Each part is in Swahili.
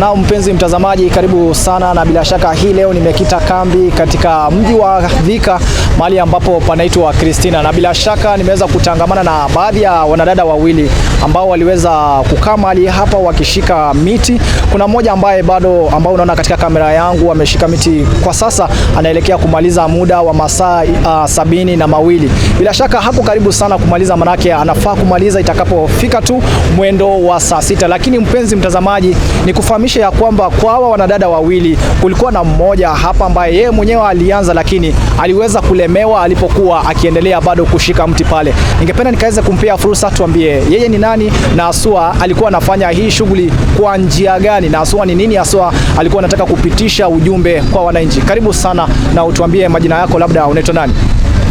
Nao mpenzi mtazamaji, karibu sana na bila shaka hii leo nimekita kambi katika mji wa Thika mahali ambapo panaitwa kristina na bila shaka nimeweza kutangamana na baadhi ya wanadada wawili ambao waliweza kukaa mahali hapa wakishika miti. Kuna mmoja ambaye bado ambao unaona katika kamera yangu ameshika miti kwa sasa, anaelekea kumaliza muda wa masaa uh, sabini na mawili. Bila shaka hapo karibu sana kumaliza, manake anafaa kumaliza itakapofika tu mwendo wa saa sita. Lakini mpenzi mtazamaji, ni kufahamisha ya kwamba kwa hawa wanadada wawili kulikuwa na mmoja hapa ambaye yeye mwenyewe alianza, lakini aliweza kule alilemewa alipokuwa akiendelea bado kushika mti pale. Ningependa nikaweza kumpea fursa, tuambie yeye ni nani na Aswa alikuwa anafanya hii shughuli kwa njia gani, na Aswa ni nini? Aswa alikuwa anataka kupitisha ujumbe kwa wananchi. Karibu sana na utuambie majina yako, labda unaitwa nani?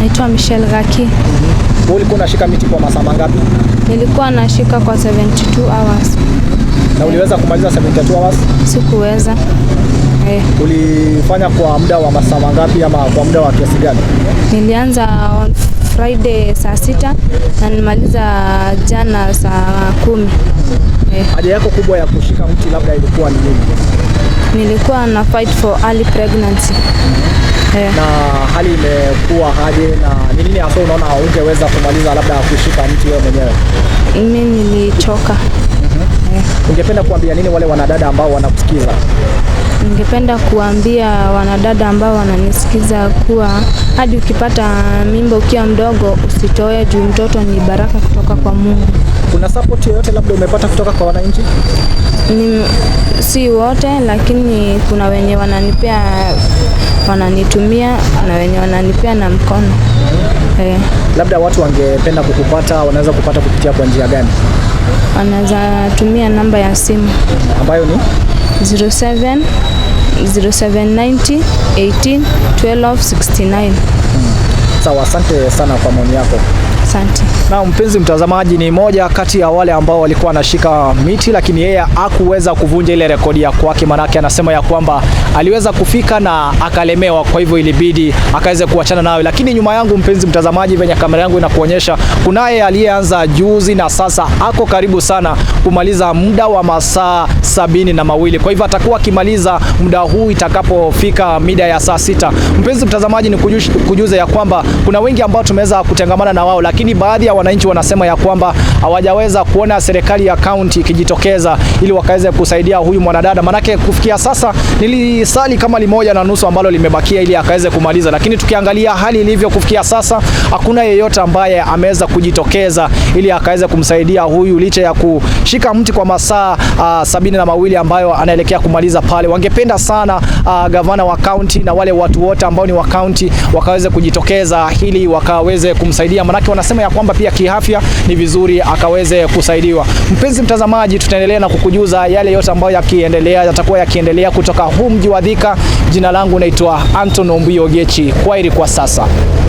Naitwa Michelle Raki. Mm -hmm. Ulikuwa unashika miti kwa masaa mangapi? Nilikuwa nashika kwa 72 hours. Na uliweza kumaliza 72 hours? Sikuweza. Eh. Ulifanya kwa muda wa masaa mangapi ama kwa muda wa kiasi gani? Nilianza on Friday saa sita na nimaliza jana saa kumi. Eh. Haja yako kubwa ya kushika mti labda ilikuwa ni nini? Nilikuwa na fight for early pregnancy. Yeah. Mhm. Na hali imekuwa haje na ni nini hasa unaona ungeweza kumaliza labda kushika mti wewe mwenyewe? Mimi nilichoka. Mm -hmm. Ungependa kuambia nini wale wanadada ambao wanakusikiza? Ningependa kuambia wanadada ambao wananisikiza kuwa hadi ukipata mimba ukiwa mdogo usitoe, juu mtoto ni baraka kutoka kwa Mungu. Kuna support yoyote labda umepata kutoka kwa wananchi? Ni, si wote lakini kuna wenye wananipea wananitumia na wenye wananipea na mkono. Eh. Labda watu wangependa kukupata, wanaweza kupata kupitia kwa njia gani? Wanaweza tumia namba ya simu ambayo ni 07 0790 18 12 69. Sawa, asante sana kwa maoni yako. Asante. Na mpenzi mtazamaji, ni moja kati ya wale ambao walikuwa anashika miti, lakini yeye hakuweza kuvunja ile rekodi ya kwake, manake anasema ya kwamba aliweza kufika na akalemewa, kwa hivyo ilibidi akaweze kuachana nawe. Lakini nyuma yangu, mpenzi mtazamaji, venye kamera yangu inakuonyesha, kunaye aliyeanza juzi na sasa ako karibu sana kumaliza muda wa masaa sabini na mawili. Kwa hivyo atakuwa akimaliza muda huu itakapofika mida ya saa sita. Mpenzi mtazamaji, ni kujuze ya kwamba kuna wengi ambao tumeweza kutangamana na wao lakini lakini baadhi ya wananchi wanasema ya kwamba hawajaweza kuona serikali ya kaunti ikijitokeza ili wakaweze kusaidia huyu mwanadada, manake kufikia sasa nilisali kama limoja na nusu ambalo limebakia ili akaweze kumaliza, lakini tukiangalia hali ilivyo kufikia sasa hakuna yeyote ambaye ameweza kujitokeza ili akaweze kumsaidia huyu, licha ya kushika mti kwa masaa uh, sabini na mawili ambayo anaelekea kumaliza pale. Wangependa sana uh, gavana wa kaunti na wale watu wote ambao ni wa kaunti wakaweze kujitokeza ili wakaweze kumsaidia manake wana anasema ya kwamba pia kiafya ni vizuri akaweze kusaidiwa. Mpenzi mtazamaji, tutaendelea na kukujuza yale yote ambayo yakiendelea yatakuwa yakiendelea kutoka huu mji wa Dhika. Jina langu naitwa Anton Ombuyo Gechi. Kwaheri kwa sasa.